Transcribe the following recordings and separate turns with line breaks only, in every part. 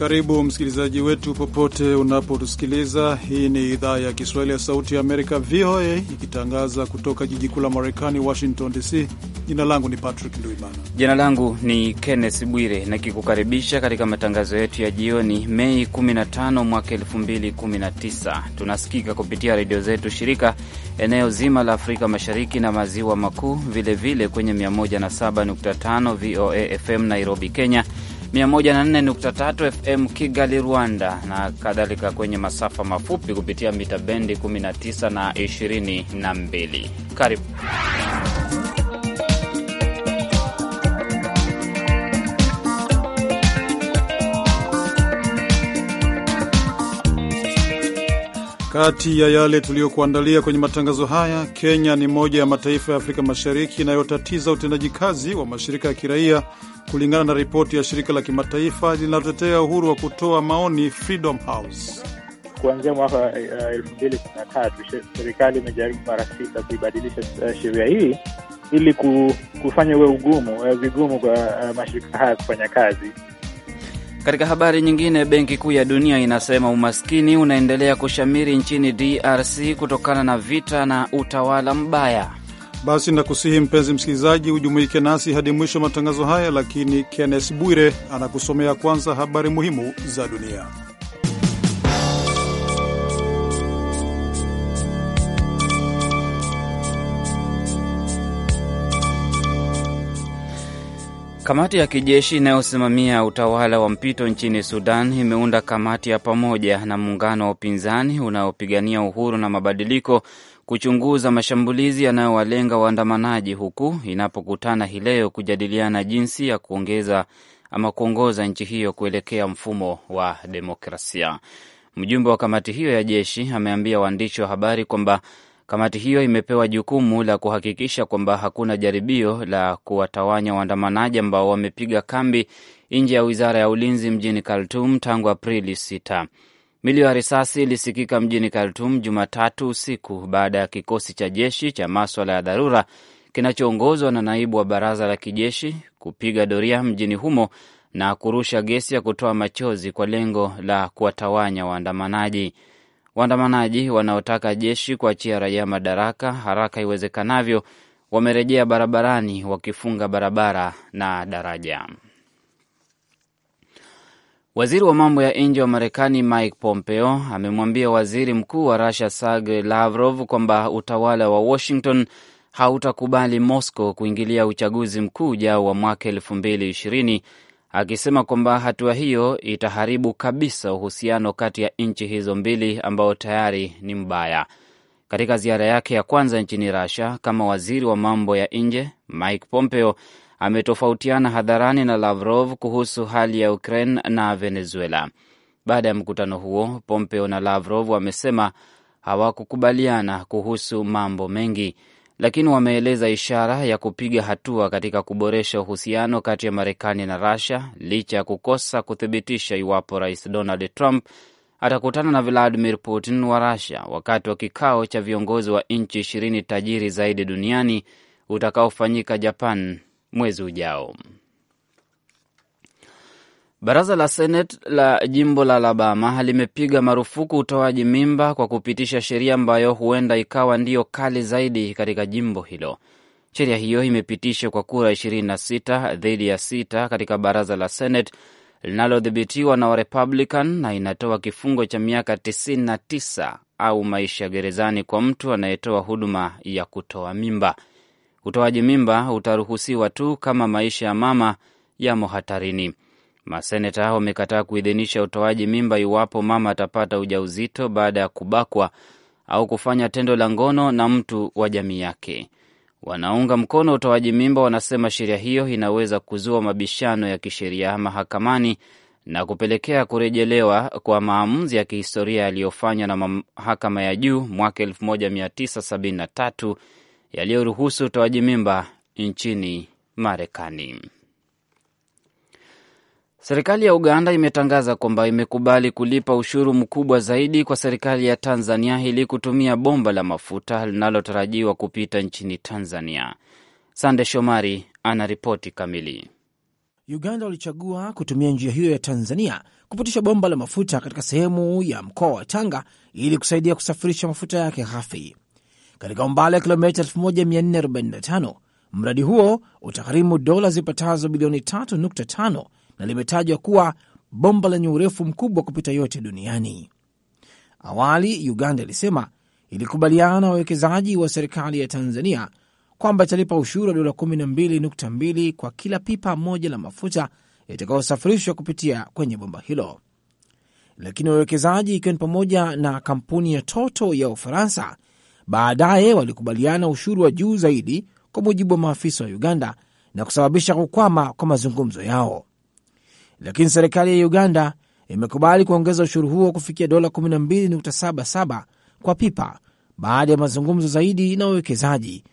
Karibu msikilizaji wetu popote unapotusikiliza. Hii ni idhaa ya Kiswahili ya Sauti ya Amerika, VOA, ikitangaza kutoka jiji kuu la Marekani, Washington DC. Jina langu ni Patrick Nduimana.
Jina langu ni Kenneth Bwire, nikikukaribisha katika matangazo yetu ya jioni, Mei 15 mwaka 2019. Tunasikika kupitia redio zetu shirika eneo zima la Afrika Mashariki na Maziwa Makuu, vilevile kwenye 107.5 VOA FM Nairobi, Kenya, 104.3 FM Kigali, Rwanda, na kadhalika kwenye masafa mafupi kupitia mita bendi 19 na 22. Karibu.
Kati ya yale tuliyokuandalia kwenye matangazo haya, Kenya ni moja ya mataifa ya Afrika Mashariki inayotatiza utendaji kazi wa mashirika ya kiraia, kulingana na ripoti ya shirika la kimataifa linalotetea uhuru wa kutoa maoni Freedom House.
Kuanzia mwaka eh, eh, elfu mbili kumi na tatu serikali imejaribu mara sita kuibadilisha eh, sheria hii ili kufanya uwe ugumu vigumu kwa mashirika haya kufanya kazi.
Katika habari nyingine, Benki Kuu ya Dunia inasema umaskini unaendelea kushamiri nchini DRC kutokana na vita na utawala mbaya.
Basi nakusihi mpenzi msikilizaji, hujumuike nasi hadi mwisho wa matangazo haya, lakini Kennes Bwire anakusomea kwanza habari muhimu za dunia.
Kamati ya kijeshi inayosimamia utawala wa mpito nchini Sudan imeunda kamati ya pamoja na muungano wa upinzani unaopigania uhuru na mabadiliko kuchunguza mashambulizi yanayowalenga waandamanaji, huku inapokutana hii leo kujadiliana jinsi ya kuongeza ama kuongoza nchi hiyo kuelekea mfumo wa demokrasia. Mjumbe wa kamati hiyo ya jeshi ameambia waandishi wa habari kwamba Kamati hiyo imepewa jukumu la kuhakikisha kwamba hakuna jaribio la kuwatawanya waandamanaji ambao wamepiga kambi nje ya wizara ya ulinzi mjini Khartoum tangu Aprili 6. Milio ya risasi ilisikika mjini kartum Jumatatu usiku baada ya kikosi cha jeshi cha maswala ya dharura kinachoongozwa na naibu wa baraza la kijeshi kupiga doria mjini humo na kurusha gesi ya kutoa machozi kwa lengo la kuwatawanya waandamanaji. Waandamanaji wanaotaka jeshi kuachia raia madaraka haraka iwezekanavyo wamerejea barabarani wakifunga barabara na daraja. Waziri wa mambo ya nje wa Marekani Mike Pompeo amemwambia waziri mkuu wa rusia Sergey Lavrov kwamba utawala wa Washington hautakubali Moscow kuingilia uchaguzi mkuu ujao wa mwaka elfu mbili ishirini akisema kwamba hatua hiyo itaharibu kabisa uhusiano kati ya nchi hizo mbili ambao tayari ni mbaya. Katika ziara yake ya kwanza nchini Russia kama waziri wa mambo ya nje, Mike Pompeo ametofautiana hadharani na Lavrov kuhusu hali ya Ukraine na Venezuela. Baada ya mkutano huo, Pompeo na Lavrov wamesema hawakukubaliana kuhusu mambo mengi lakini wameeleza ishara ya kupiga hatua katika kuboresha uhusiano kati ya Marekani na rusia licha ya kukosa kuthibitisha iwapo Rais Donald Trump atakutana na Vladimir Putin wa Russia wakati wa kikao cha viongozi wa nchi ishirini tajiri zaidi duniani utakaofanyika Japan mwezi ujao. Baraza la senet la jimbo la Alabama limepiga marufuku utoaji mimba kwa kupitisha sheria ambayo huenda ikawa ndiyo kali zaidi katika jimbo hilo. Sheria hiyo imepitishwa kwa kura 26 dhidi ya sita katika baraza la Seneti linalodhibitiwa na Warepublican na inatoa kifungo cha miaka 99 au maisha gerezani kwa mtu anayetoa huduma ya kutoa mimba. Utoaji mimba utaruhusiwa tu kama maisha ya mama yamo hatarini. Maseneta wamekataa kuidhinisha utoaji mimba iwapo mama atapata ujauzito baada ya kubakwa au kufanya tendo la ngono na mtu wa jamii yake. Wanaunga mkono utoaji mimba wanasema sheria hiyo inaweza kuzua mabishano ya kisheria mahakamani na kupelekea kurejelewa kwa maamuzi ya kihistoria yaliyofanywa na mahakama ya juu mwaka 1973 yaliyoruhusu utoaji mimba nchini Marekani. Serikali ya Uganda imetangaza kwamba imekubali kulipa ushuru mkubwa zaidi kwa serikali ya Tanzania ili kutumia bomba la mafuta linalotarajiwa kupita nchini Tanzania. Sande Shomari anaripoti kamili.
Uganda walichagua kutumia njia hiyo ya Tanzania kupitisha bomba la mafuta katika sehemu ya mkoa wa Tanga ili kusaidia kusafirisha mafuta yake ghafi katika umbali wa kilomita 1445. Mradi huo utagharimu dola zipatazo bilioni 3.5 na limetajwa kuwa bomba lenye urefu mkubwa kupita yote duniani. Awali Uganda ilisema ilikubaliana na wawekezaji wa serikali ya Tanzania kwamba italipa ushuru wa dola 12.2 kwa kila pipa moja la mafuta itakayosafirishwa kupitia kwenye bomba hilo, lakini wawekezaji ikiwa ni pamoja na kampuni ya Toto ya Ufaransa baadaye walikubaliana ushuru wa juu zaidi, kwa mujibu wa maafisa wa Uganda, na kusababisha kukwama kwa mazungumzo yao lakini serikali ya Uganda imekubali kuongeza ushuru huo kufikia dola 12.77 kwa pipa baada ya mazungumzo zaidi na wawekezaji.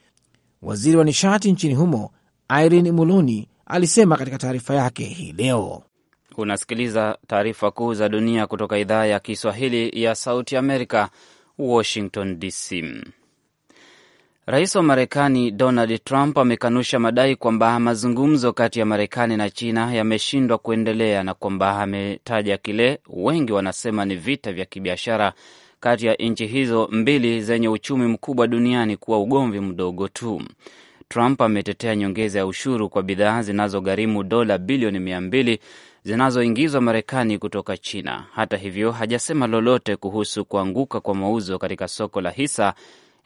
Waziri wa nishati nchini humo Irene Muloni alisema katika taarifa yake hii leo.
Unasikiliza taarifa kuu za dunia kutoka idhaa ya Kiswahili ya Sauti Amerika, Washington DC. Rais wa Marekani Donald Trump amekanusha madai kwamba mazungumzo kati ya Marekani na China yameshindwa kuendelea na kwamba ametaja kile wengi wanasema ni vita vya kibiashara kati ya nchi hizo mbili zenye uchumi mkubwa duniani kuwa ugomvi mdogo tu. Trump ametetea nyongeza ya ushuru kwa bidhaa zinazogharimu dola bilioni mia mbili zinazoingizwa Marekani kutoka China. Hata hivyo, hajasema lolote kuhusu kuanguka kwa mauzo katika soko la hisa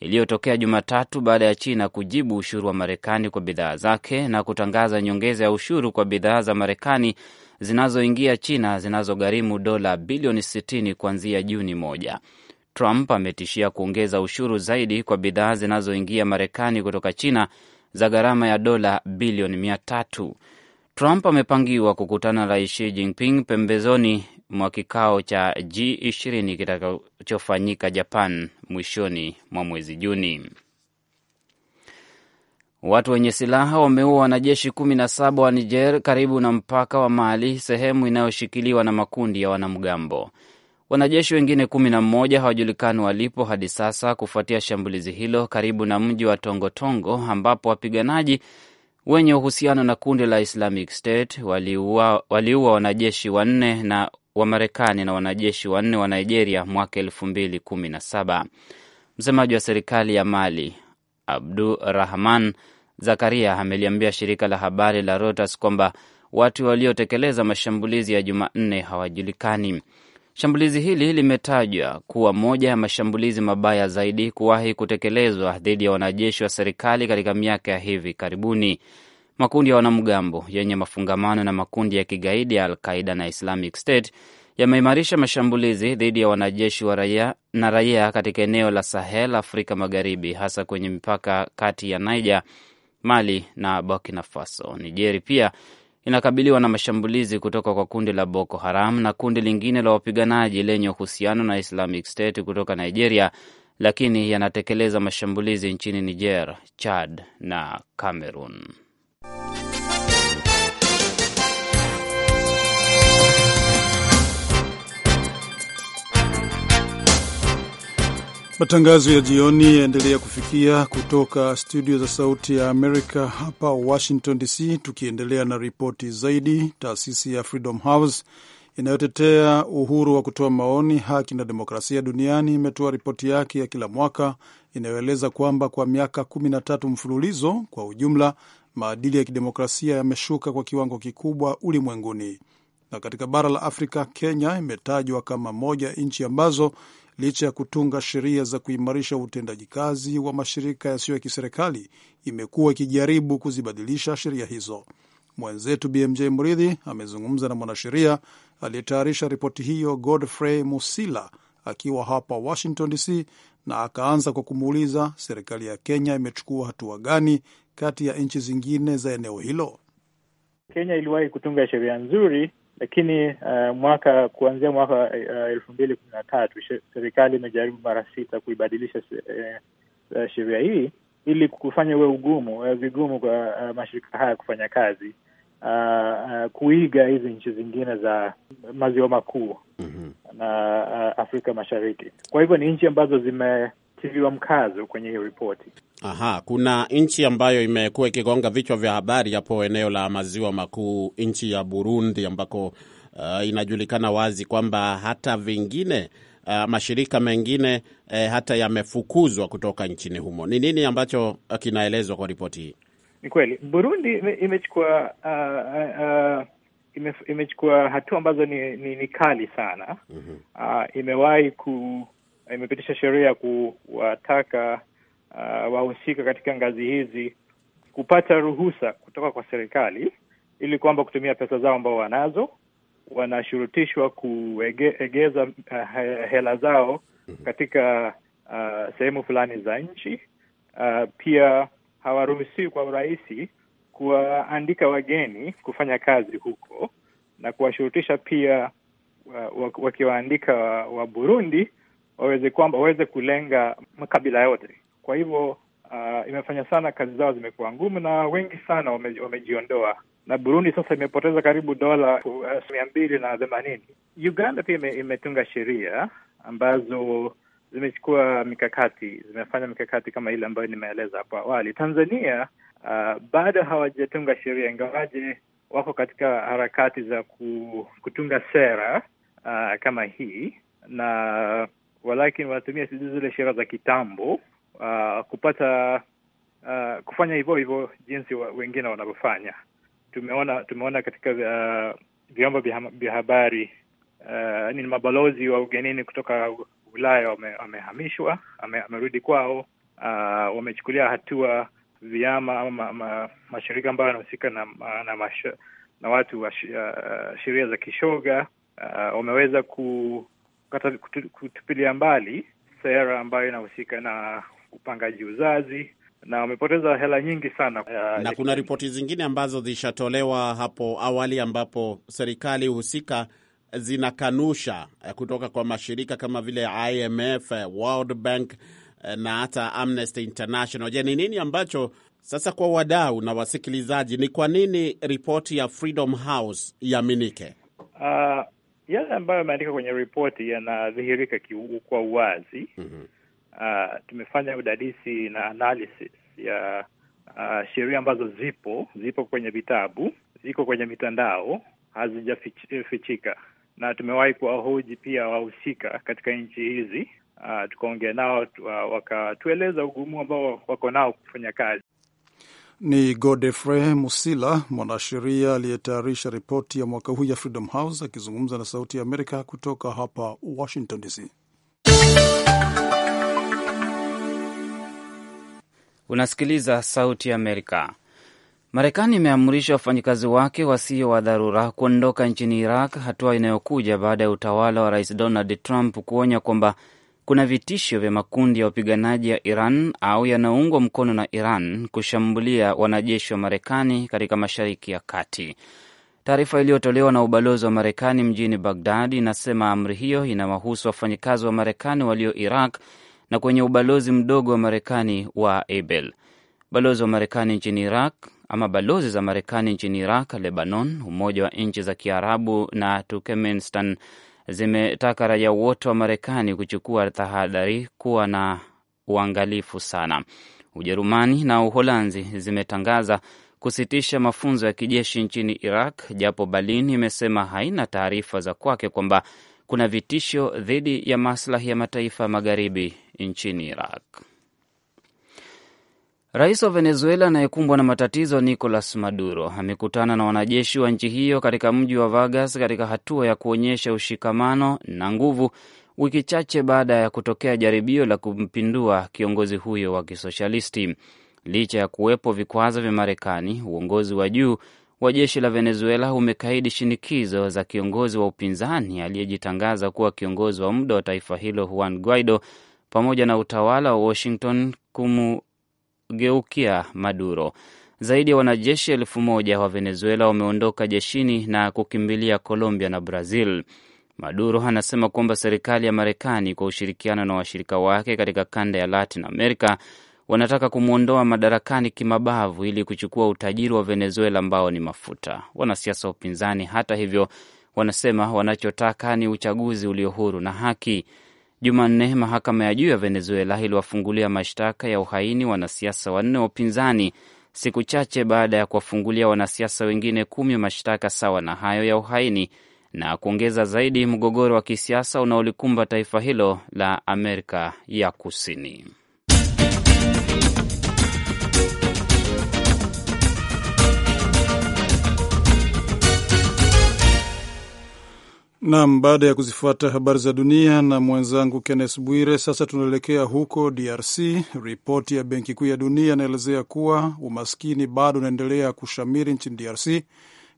iliyotokea Jumatatu baada ya China kujibu ushuru wa Marekani kwa bidhaa zake na kutangaza nyongeza ya ushuru kwa bidhaa za Marekani zinazoingia China zinazogharimu dola bilioni 60 kuanzia Juni moja. Trump ametishia kuongeza ushuru zaidi kwa bidhaa zinazoingia Marekani kutoka China za gharama ya dola bilioni mia tatu. Trump amepangiwa kukutana na Rais Xi Jinping pembezoni mwa kikao cha G20 kitakachofanyika Japan mwishoni mwa mwezi Juni. Watu wenye silaha wameua wanajeshi kumi na saba wa Niger karibu na mpaka wa Mali, sehemu inayoshikiliwa na makundi ya wanamgambo. Wanajeshi wengine kumi na mmoja hawajulikani walipo hadi sasa kufuatia shambulizi hilo karibu na mji wa Tongotongo ambapo wapiganaji wenye uhusiano na kundi la Islamic State waliua wanajeshi wanne na wa Marekani na wanajeshi wanne wa Nigeria mwaka elfu mbili kumi na saba. Msemaji wa serikali ya Mali Abdu Rahman Zakaria ameliambia shirika la habari la Reuters kwamba watu waliotekeleza mashambulizi ya Jumanne hawajulikani. Shambulizi hili limetajwa kuwa moja ya mashambulizi mabaya zaidi kuwahi kutekelezwa dhidi ya wanajeshi wa serikali katika miaka ya hivi karibuni. Makundi ya wanamgambo yenye mafungamano na makundi ya kigaidi ya alqaida na Islamic State yameimarisha mashambulizi dhidi ya wanajeshi wa raia na raia katika eneo la Sahel, Afrika Magharibi, hasa kwenye mipaka kati ya Niger, Mali na Burkina Faso. Nijeri pia inakabiliwa na mashambulizi kutoka kwa kundi la Boko Haram na kundi lingine la wapiganaji lenye uhusiano na Islamic State kutoka Nigeria, lakini yanatekeleza mashambulizi nchini Niger, Chad na Cameroon.
Matangazo ya jioni yaendelea kufikia kutoka studio za Sauti ya Amerika hapa Washington DC. Tukiendelea na ripoti zaidi, taasisi ya Freedom House inayotetea uhuru wa kutoa maoni, haki na demokrasia duniani imetoa ripoti yake ya kila mwaka inayoeleza kwamba kwa miaka kumi mfululizo, kwa ujumla maadili ya kidemokrasia yameshuka kwa kiwango kikubwa ulimwenguni na katika bara la Afrika, Kenya imetajwa kama moja nchi ambazo licha ya kutunga sheria za kuimarisha utendaji kazi wa mashirika yasiyo ya kiserikali, imekuwa ikijaribu kuzibadilisha sheria hizo. Mwenzetu BMJ Mridhi amezungumza na mwanasheria aliyetayarisha ripoti hiyo Godfrey Musila akiwa hapa Washington DC, na akaanza kwa kumuuliza serikali ya Kenya imechukua hatua gani kati ya nchi zingine za eneo hilo.
Kenya iliwahi kutunga sheria nzuri lakini uh, mwaka kuanzia mwaka eh, elfu mbili kumi na tatu serikali imejaribu mara sita kuibadilisha uh, sheria hii ili kufanya uwe ugumu uh, vigumu kwa uh, mashirika haya kufanya kazi uh, uh, kuiga hizi nchi zingine za maziwa makuu mm -hmm. na uh, Afrika Mashariki. Kwa hivyo ni nchi ambazo zime kutiliwa mkazo kwenye hiyo ripoti.
Aha, kuna nchi ambayo imekuwa ikigonga vichwa vya habari hapo eneo la maziwa makuu, nchi ya Burundi ambako uh, inajulikana wazi kwamba hata vingine uh, mashirika mengine uh, hata yamefukuzwa kutoka nchini humo. Ni nini ambacho uh, kinaelezwa kwa ripoti hii?
Ni kweli Burundi imechukua ime uh, uh, uh ime, imechukua hatua ambazo ni, ni, ni kali sana. mm -hmm. Uh, imewahi ku imepitisha sheria ya kuwataka uh, wahusika katika ngazi hizi kupata ruhusa kutoka kwa serikali ili kwamba kutumia pesa zao ambao wanazo wanashurutishwa kuegeza uh, hela zao mhm. katika uh, sehemu fulani za nchi. Uh, pia hawaruhusiwi kwa urahisi kuwaandika wageni kufanya kazi huko na kuwashurutisha pia uh, wakiwaandika wa Burundi waweze kwamba waweze kulenga makabila yote. Kwa hivyo uh, imefanya sana kazi zao zimekuwa ngumu na wengi sana wame, wamejiondoa na Burundi sasa imepoteza karibu dola uh, mia mbili na themanini. Uganda pia ime, imetunga sheria ambazo zimechukua mikakati, zimefanya mikakati kama ile ambayo nimeeleza hapo awali. Tanzania uh, bado hawajatunga sheria, ingawaje wako katika harakati za kutunga sera uh, kama hii na walakini wanatumia sijui zile sheria za kitambo uh, kupata uh, kufanya hivyo hivyo jinsi wa, wengine wanavyofanya. Tumeona tumeona katika uh, vyombo vya habari uh, ni mabalozi wa ugenini kutoka Ulaya wamehamishwa, ame, amerudi kwao. Uh, wamechukulia hatua vyama ama ma, ma, mashirika ambayo yanahusika na na, na watu wa uh, sheria za kishoga uh, wameweza ku kutupilia mbali sera ambayo inahusika na upangaji uzazi na wamepoteza hela nyingi sana. Uh, na
kuna eh, eh, ripoti zingine ambazo zishatolewa hapo awali ambapo serikali husika zinakanusha eh, kutoka kwa mashirika kama vile IMF, World Bank na hata Amnesty International. Je, ni nini ambacho sasa, kwa wadau na wasikilizaji, ni kwa nini ripoti ya Freedom House iaminike?
Uh, ah, yale ambayo yameandika kwenye ripoti yanadhihirika kwa uwazi. mm -hmm. Uh, tumefanya udadisi na analysis ya uh, sheria ambazo zipo zipo kwenye vitabu, ziko kwenye mitandao, hazijafichika na tumewahi kuwahoji pia wahusika katika nchi hizi. Uh, tukaongea nao uh, wakatueleza ugumu ambao wako nao kufanya kazi
ni Godefrey Musila, mwanasheria aliyetayarisha ripoti ya mwaka huu ya Freedom House, akizungumza na Sauti ya Amerika kutoka hapa Washington DC.
Unasikiliza Sauti ya Amerika. Marekani imeamrisha wafanyikazi wake wasio wa dharura kuondoka nchini Iraq, hatua inayokuja baada ya utawala wa Rais Donald Trump kuonya kwamba kuna vitisho vya makundi ya wapiganaji ya Iran au yanayoungwa mkono na Iran kushambulia wanajeshi wa Marekani katika Mashariki ya Kati. Taarifa iliyotolewa na ubalozi wa Marekani mjini Bagdad inasema amri hiyo inawahusu wafanyakazi wa Marekani walio Iraq na kwenye ubalozi mdogo wa Marekani wa Abel. Balozi wa Marekani nchini Iraq ama balozi za Marekani nchini Iraq, Lebanon, Umoja wa Nchi za Kiarabu na Turkmenistan zimetaka raia wote wa Marekani kuchukua tahadhari, kuwa na uangalifu sana. Ujerumani na Uholanzi zimetangaza kusitisha mafunzo ya kijeshi nchini Iraq, japo Berlin imesema haina taarifa za kwake kwamba kuna vitisho dhidi ya maslahi ya mataifa ya magharibi nchini Iraq. Rais wa Venezuela anayekumbwa na matatizo Nicolas Maduro amekutana na wanajeshi wa nchi hiyo katika mji wa Vargas katika hatua ya kuonyesha ushikamano na nguvu, wiki chache baada ya kutokea jaribio la kumpindua kiongozi huyo wa kisoshalisti. Licha ya kuwepo vikwazo vya Marekani, uongozi wa juu wa jeshi la Venezuela umekaidi shinikizo za kiongozi wa upinzani aliyejitangaza kuwa kiongozi wa muda wa taifa hilo Juan Guaido pamoja na utawala wa Washington kumu kumgeukia Maduro. Zaidi ya wanajeshi elfu moja wa Venezuela wameondoka jeshini na kukimbilia Colombia na Brazil. Maduro anasema kwamba serikali ya Marekani kwa ushirikiano na washirika wake katika kanda ya Latin America wanataka kumwondoa madarakani kimabavu ili kuchukua utajiri wa Venezuela ambao ni mafuta. Wanasiasa wa upinzani, hata hivyo, wanasema wanachotaka ni uchaguzi ulio huru na haki. Jumanne mahakama ya juu ya Venezuela iliwafungulia mashtaka ya uhaini wanasiasa wanne wa upinzani siku chache baada ya kuwafungulia wanasiasa wengine kumi mashtaka sawa na hayo ya uhaini na kuongeza zaidi mgogoro wa kisiasa unaolikumba taifa hilo la Amerika ya Kusini.
Nam, baada ya kuzifuata habari za dunia na mwenzangu Kennes Bwire, sasa tunaelekea huko DRC. Ripoti ya Benki Kuu ya Dunia inaelezea kuwa umaskini bado unaendelea kushamiri nchini DRC.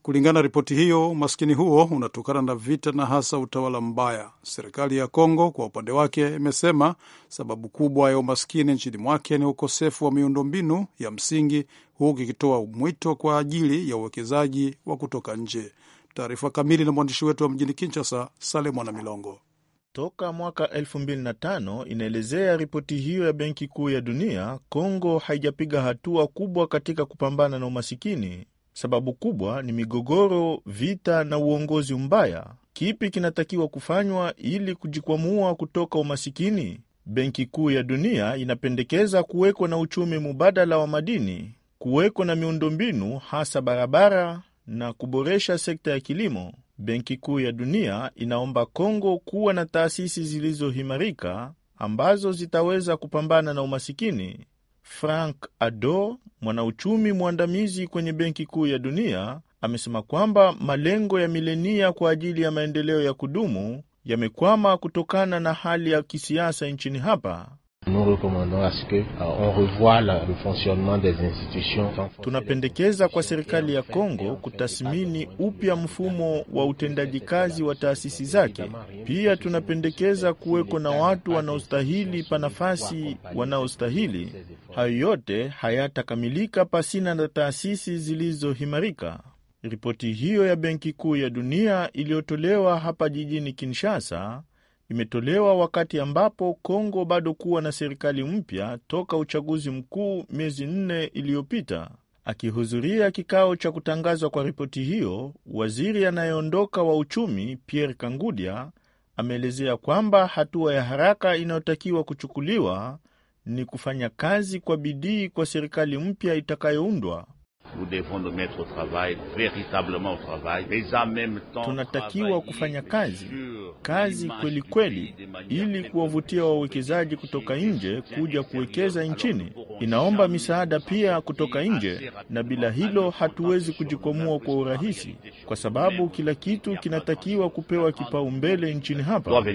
Kulingana na ripoti hiyo, umaskini huo unatokana na vita na hasa utawala mbaya. Serikali ya Kongo kwa upande wake imesema sababu kubwa ya umaskini nchini mwake ni ukosefu wa miundombinu ya msingi, huku ikitoa mwito kwa ajili ya uwekezaji wa kutoka nje. Taarifa kamili na mwandishi wetu wa mjini Kinshasa, Sale Mwana Milongo.
Toka mwaka 2005 inaelezea ripoti hiyo ya Benki Kuu ya Dunia, Kongo haijapiga hatua kubwa katika kupambana na umasikini. Sababu kubwa ni migogoro, vita na uongozi mbaya. Kipi kinatakiwa kufanywa ili kujikwamua kutoka umasikini? Benki Kuu ya Dunia inapendekeza kuwekwa na uchumi mubadala wa madini, kuwekwa na miundombinu hasa barabara na kuboresha sekta ya kilimo, Benki Kuu ya Dunia inaomba Kongo kuwa na taasisi zilizohimarika ambazo zitaweza kupambana na umasikini. Frank Ado, mwanauchumi mwandamizi kwenye Benki Kuu ya Dunia, amesema kwamba malengo ya milenia kwa ajili ya maendeleo ya kudumu yamekwama kutokana na hali ya kisiasa nchini hapa. Nous recommandons à ce que, uh, on revoie la, le fonctionnement des institutions. Tunapendekeza kwa serikali ya Kongo kutathmini upya mfumo wa utendaji kazi wa taasisi zake. Pia tunapendekeza kuweko na watu wanaostahili pa nafasi wanaostahili. Hayo yote hayatakamilika pasina na taasisi zilizohimarika. Ripoti hiyo ya Benki Kuu ya Dunia iliyotolewa hapa jijini Kinshasa imetolewa wakati ambapo Kongo bado kuwa na serikali mpya toka uchaguzi mkuu miezi nne iliyopita. Akihudhuria kikao cha kutangazwa kwa ripoti hiyo, waziri anayeondoka wa uchumi Pierre Kangudia ameelezea kwamba hatua ya haraka inayotakiwa kuchukuliwa ni kufanya kazi kwa bidii kwa serikali mpya itakayoundwa Nous devons nous mettre au travail, véritablement au travail. Mais en même temps, tunatakiwa kufanya kazi kazi kweli kweli, ili kuwavutia wawekezaji kutoka nje kuja kuwekeza nchini. Inaomba misaada pia kutoka nje, na bila hilo hatuwezi kujikwamua kwa urahisi, kwa sababu kila kitu kinatakiwa kupewa kipaumbele nchini hapa.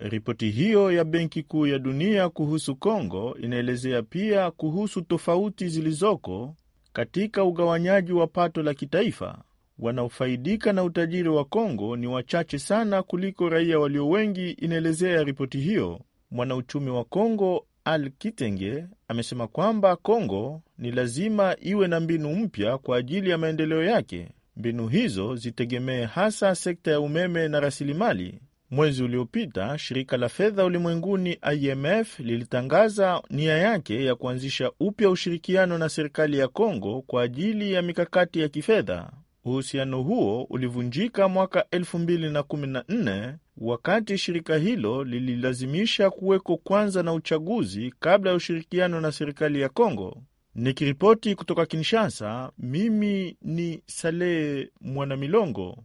Ripoti hiyo ya Benki Kuu ya Dunia kuhusu Kongo inaelezea pia kuhusu tofauti zilizoko katika ugawanyaji wa pato la kitaifa, wanaofaidika na utajiri wa Kongo ni wachache sana kuliko raia walio wengi, inaelezea ripoti hiyo. Mwanauchumi wa Kongo Al Kitenge amesema kwamba Kongo ni lazima iwe na mbinu mpya kwa ajili ya maendeleo yake. Mbinu hizo zitegemee hasa sekta ya umeme na rasilimali Mwezi uliopita shirika la fedha ulimwenguni IMF lilitangaza nia yake ya kuanzisha upya ushirikiano na serikali ya Kongo kwa ajili ya mikakati ya kifedha. Uhusiano huo ulivunjika mwaka 2014 wakati shirika hilo lililazimisha kuweko kwanza na uchaguzi kabla ya ushirikiano na serikali ya Kongo. Nikiripoti kutoka Kinshasa, mimi ni Saleh Mwanamilongo.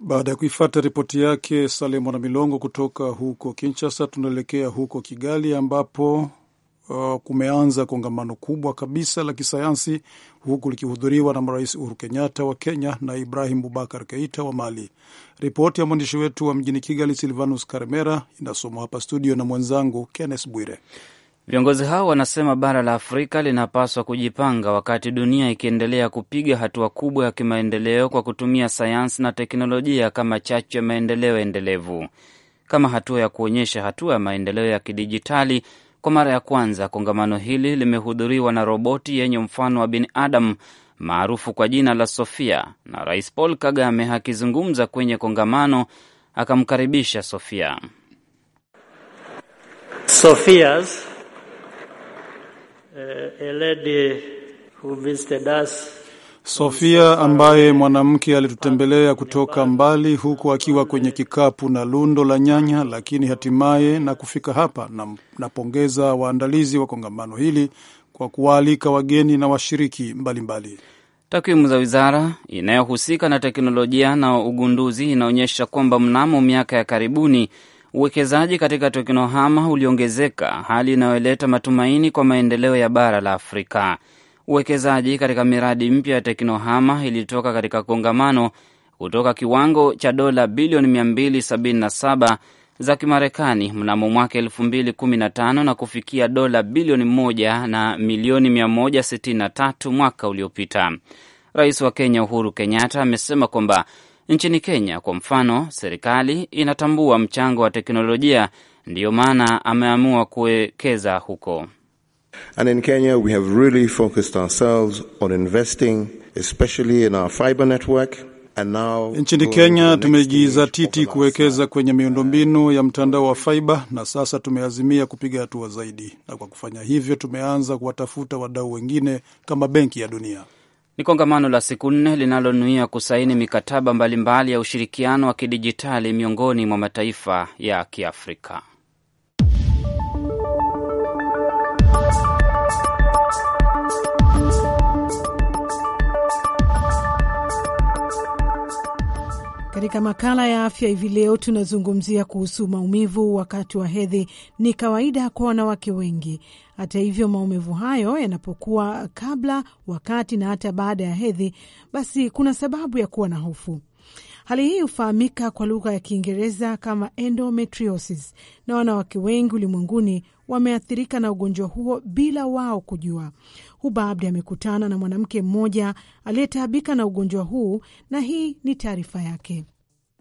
Baada ya kuifata ripoti yake Sale Mwana Milongo kutoka huko Kinshasa, tunaelekea huko Kigali ambapo uh, kumeanza kongamano kubwa kabisa la kisayansi huku likihudhuriwa na marais Uhuru Kenyatta wa Kenya na Ibrahim Bubakar Keita wa Mali. Ripoti ya mwandishi wetu wa mjini Kigali Silvanus Karemera inasomwa hapa studio na mwenzangu Kenneth Bwire.
Viongozi hao wanasema bara la Afrika linapaswa kujipanga wakati dunia ikiendelea kupiga hatua kubwa ya kimaendeleo kwa kutumia sayansi na teknolojia kama chachu ya maendeleo endelevu. Kama hatua ya kuonyesha hatua ya maendeleo ya kidijitali, kwa mara ya kwanza kongamano hili limehudhuriwa na roboti yenye mfano wa binadamu maarufu kwa jina la Sofia, na Rais Paul Kagame akizungumza kwenye kongamano akamkaribisha Sofia
a eh, lady who visited us
Sofia ambaye mwanamke alitutembelea kutoka mbali huku akiwa kwenye kikapu na lundo la nyanya, lakini hatimaye na kufika hapa. Na napongeza waandalizi wa kongamano hili kwa kuwaalika wageni na washiriki mbalimbali.
Takwimu za wizara inayohusika na teknolojia na ugunduzi inaonyesha kwamba mnamo miaka ya karibuni Uwekezaji katika teknohama uliongezeka, hali inayoleta matumaini kwa maendeleo ya bara la Afrika. Uwekezaji katika miradi mpya ya teknohama ilitoka katika kongamano kutoka kiwango cha dola bilioni 277 za Kimarekani mnamo mwaka 2015 na kufikia dola bilioni 1 na milioni 163 mwaka uliopita. Rais wa Kenya Uhuru Kenyatta amesema kwamba Nchini Kenya kwa mfano, serikali inatambua mchango wa teknolojia, ndiyo maana ameamua kuwekeza huko.
And in Kenya we have really focused ourselves on investing especially in our fiber network. Nchini Kenya
tumejizatiti kuwekeza kwenye miundombinu ya mtandao wa faiba na sasa tumeazimia kupiga hatua zaidi, na kwa kufanya hivyo tumeanza kuwatafuta wadau wengine kama Benki ya Dunia.
Ni kongamano la siku nne linalonuia kusaini mikataba mbalimbali mbali ya ushirikiano wa kidijitali miongoni mwa mataifa ya Kiafrika.
Katika makala ya afya hivi leo tunazungumzia kuhusu maumivu wakati wa hedhi. Ni kawaida kwa wanawake wengi. Hata hivyo, maumivu hayo yanapokuwa kabla, wakati na hata baada ya hedhi, basi kuna sababu ya kuwa na hofu. Hali hii hufahamika kwa lugha ya Kiingereza kama endometriosis, na wanawake wengi ulimwenguni wameathirika na ugonjwa huo bila wao kujua. Huba Abdi amekutana na mwanamke mmoja aliyetaabika na ugonjwa huu na hii ni taarifa yake.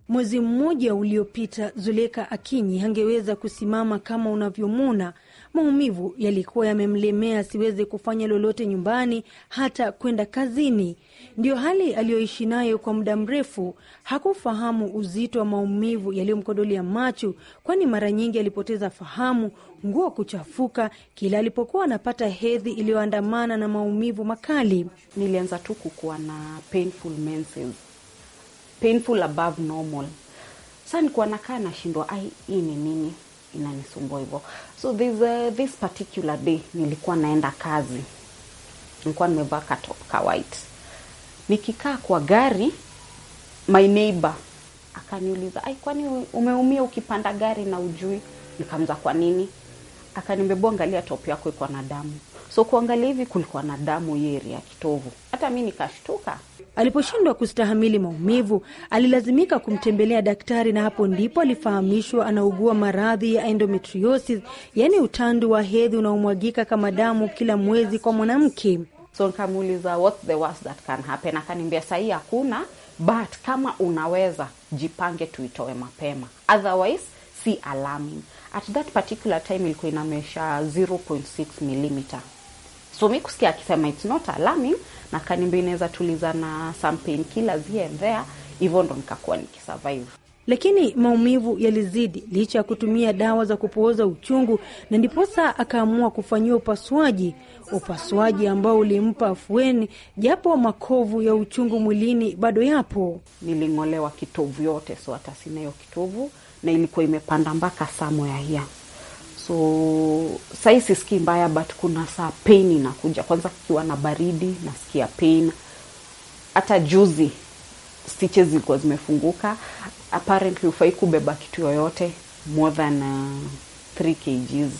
Mwezi mmoja uliopita, Zuleka Akinyi angeweza kusimama kama unavyomwona. Maumivu yalikuwa yamemlemea asiweze kufanya lolote nyumbani, hata kwenda kazini. Ndiyo hali aliyoishi nayo kwa muda mrefu. Hakufahamu uzito wa maumivu yaliyomkodolia macho, kwani mara nyingi alipoteza fahamu, nguo kuchafuka kila alipokuwa anapata hedhi iliyoandamana na maumivu makali. Nilianza tu kukuwa na painful menses, painful
above normal. Sasa nikuwa nakaa nashindwa, ai, hii ni nini inanisumbua hivyo? So this, uh, this particular day nilikuwa naenda kazi, nilikuwa nimevaa ka white Nikikaa kwa gari my neighbor akaniuliza, ai, kwani umeumia ukipanda gari na ujui? Nikamza kwa nini? Akaniambia, angalia topu yako iko na damu. So kuangalia hivi kulikuwa na damu yeri ya kitovu,
hata mi nikashtuka. Aliposhindwa kustahamili maumivu, alilazimika kumtembelea daktari, na hapo ndipo alifahamishwa anaugua maradhi ya endometriosis, yaani utandu wa hedhi unaomwagika kama damu kila mwezi kwa mwanamke. So
nikamuuliza what's the worst that can happen, akaniambia sahii hakuna, but kama unaweza jipange tuitoe mapema, otherwise si alarming. At that particular time ilikuwa inamesha 0.6 mm so mi kusikia akisema it's not alarming, na kaniambia inaweza tuliza na some painkillers here and there, hivyo ndo nikakuwa nikisurvive
lakini maumivu yalizidi licha ya kutumia dawa za kupooza uchungu, na ndiposa akaamua kufanyiwa upasuaji upasuaji ambao ulimpa afueni, japo makovu ya uchungu mwilini bado yapo. Niling'olewa
kitovu yote, so hata sina hiyo kitovu, na ilikuwa imepanda mpaka samo ya hia so sahii sisikii mbaya, but kuna saa pain inakuja. Kwanza kukiwa na baridi nasikia pain. Hata juzi stitches zilikuwa zimefunguka. Apparently ufai kubeba kitu yoyote more than uh, 3 kgs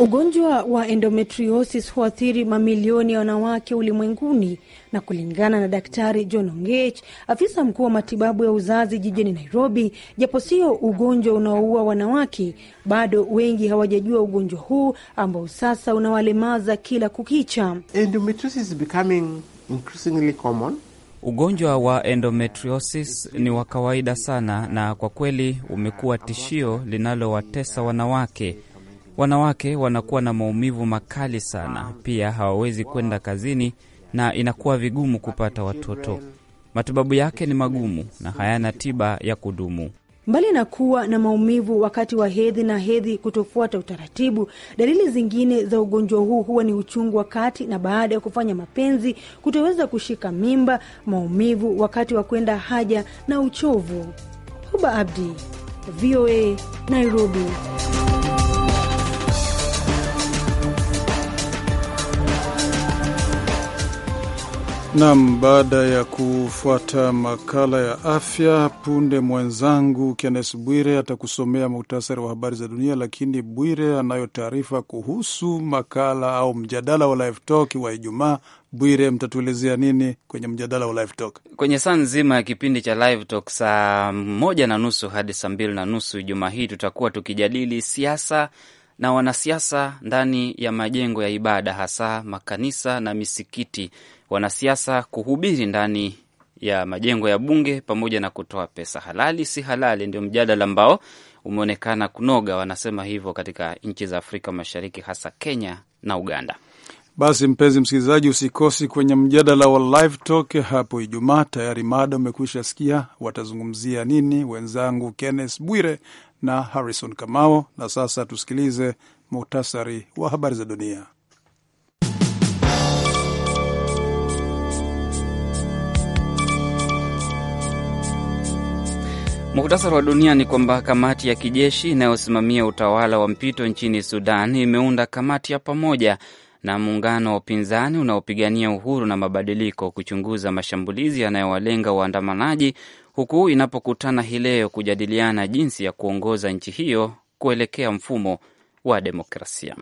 Ugonjwa wa endometriosis huathiri mamilioni ya wanawake ulimwenguni, na kulingana na Daktari John Ongech, afisa mkuu wa matibabu ya uzazi jijini Nairobi, japo sio ugonjwa unaoua wanawake, bado wengi hawajajua ugonjwa huu ambao sasa unawalemaza kila kukicha. Endometriosis is becoming
increasingly common. Ugonjwa wa endometriosis ni wa kawaida sana, na kwa kweli umekuwa tishio linalowatesa wanawake Wanawake wanakuwa na maumivu makali sana, pia hawawezi kwenda kazini na inakuwa vigumu kupata watoto. Matibabu yake ni magumu na hayana tiba ya kudumu.
Mbali na kuwa na maumivu wakati wa hedhi na hedhi kutofuata utaratibu, dalili zingine za ugonjwa huu huwa ni uchungu wakati na baada ya kufanya mapenzi, kutoweza kushika mimba, maumivu wakati wa kwenda haja na uchovu. Huba Abdi, VOA, Nairobi.
Nam, baada ya kufuata makala ya afya punde, mwenzangu Kennes Bwire atakusomea muhtasari wa habari za dunia, lakini Bwire anayo taarifa kuhusu makala au mjadala wa Live Talk wa Ijumaa. Bwire, mtatuelezea nini kwenye mjadala wa Live Talk?
Kwenye saa nzima ya kipindi cha Live Talk saa moja na nusu hadi saa mbili na nusu Ijumaa hii tutakuwa tukijadili siasa na wanasiasa ndani ya majengo ya ibada, hasa makanisa na misikiti wanasiasa kuhubiri ndani ya majengo ya bunge pamoja na kutoa pesa halali si halali, ndio mjadala ambao umeonekana kunoga. Wanasema hivyo katika nchi za Afrika Mashariki, hasa Kenya na Uganda.
Basi mpenzi msikilizaji, usikosi kwenye mjadala wa Live Talk hapo Ijumaa. Tayari mada umekwisha sikia, watazungumzia nini wenzangu Kenneth Bwire na Harrison Kamao. Na sasa tusikilize muhtasari wa habari za dunia.
Muhtasari wa dunia ni kwamba kamati ya kijeshi inayosimamia utawala wa mpito nchini Sudan imeunda kamati ya pamoja na muungano wa upinzani unaopigania uhuru na mabadiliko kuchunguza mashambulizi yanayowalenga waandamanaji, huku inapokutana hii leo kujadiliana jinsi ya kuongoza nchi hiyo kuelekea mfumo wa demokrasia.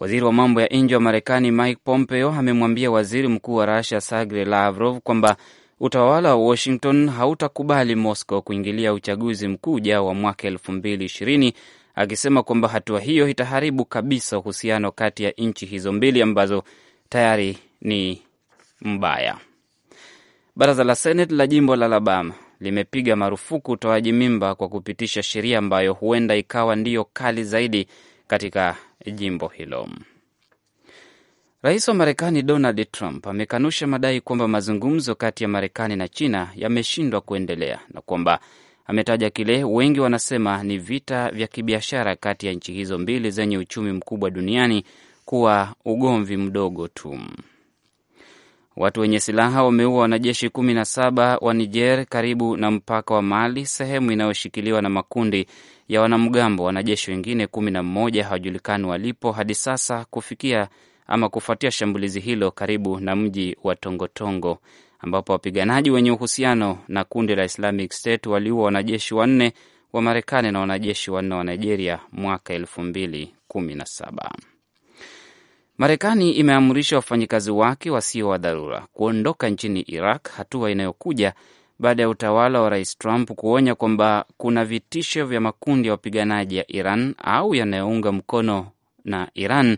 Waziri wa mambo ya nje wa Marekani Mike Pompeo amemwambia waziri mkuu wa Rusia Sergey Lavrov kwamba Utawala wa Washington hautakubali Moscow kuingilia uchaguzi mkuu ujao wa mwaka elfu mbili ishirini, akisema kwamba hatua hiyo itaharibu kabisa uhusiano kati ya nchi hizo mbili ambazo tayari ni mbaya. Baraza la Seneti la jimbo la Alabama limepiga marufuku utoaji mimba kwa kupitisha sheria ambayo huenda ikawa ndiyo kali zaidi katika jimbo hilo. Rais wa Marekani Donald Trump amekanusha madai kwamba mazungumzo kati ya Marekani na China yameshindwa kuendelea na kwamba ametaja kile wengi wanasema ni vita vya kibiashara kati ya nchi hizo mbili zenye uchumi mkubwa duniani kuwa ugomvi mdogo tu. Watu wenye silaha wameua wanajeshi kumi na saba wa Niger karibu na mpaka wa Mali, sehemu inayoshikiliwa na makundi ya wanamgambo. Wanajeshi wengine kumi na mmoja hawajulikani walipo hadi sasa kufikia ama kufuatia shambulizi hilo karibu na mji wa Tongotongo ambapo wapiganaji wenye uhusiano na kundi la Islamic State waliua wanajeshi wanne wa Marekani na wanajeshi wanne wa Nigeria mwaka elfu mbili kumi na saba. Marekani imeamrisha wafanyikazi wake wasio wa dharura kuondoka nchini Iraq, hatua inayokuja baada ya utawala wa Rais Trump kuonya kwamba kuna vitisho vya makundi ya wapiganaji ya Iran au yanayounga mkono na Iran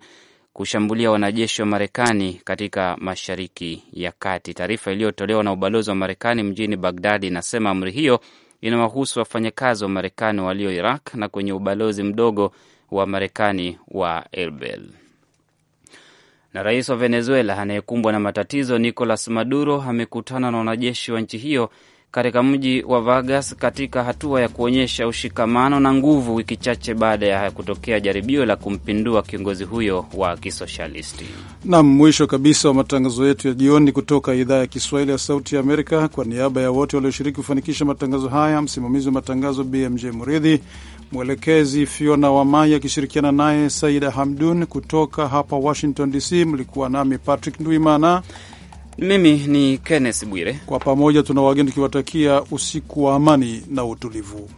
kushambulia wanajeshi wa Marekani katika Mashariki ya Kati. Taarifa iliyotolewa na ubalozi wa Marekani mjini Bagdadi inasema amri hiyo inawahusu wafanyakazi wa Marekani walio Iraq na kwenye ubalozi mdogo wa Marekani wa Erbil. Na rais wa Venezuela anayekumbwa na matatizo Nicolas Maduro amekutana na wanajeshi wa nchi hiyo katika mji wa Vegas katika hatua ya kuonyesha ushikamano na nguvu, wiki chache baada ya kutokea jaribio la kumpindua kiongozi huyo wa kisoshalisti.
Nam mwisho kabisa wa matangazo yetu ya jioni kutoka idhaa ya Kiswahili ya Sauti ya Amerika. Kwa niaba ya wote walioshiriki kufanikisha matangazo haya, msimamizi wa matangazo BMJ Muridhi, mwelekezi Fiona Wamai akishirikiana naye Saida Hamdun kutoka hapa Washington DC, mlikuwa nami Patrick Ndwimana mimi ni Kenneth Bwire. Kwa pamoja tuna wageni tukiwatakia usiku wa amani na utulivu.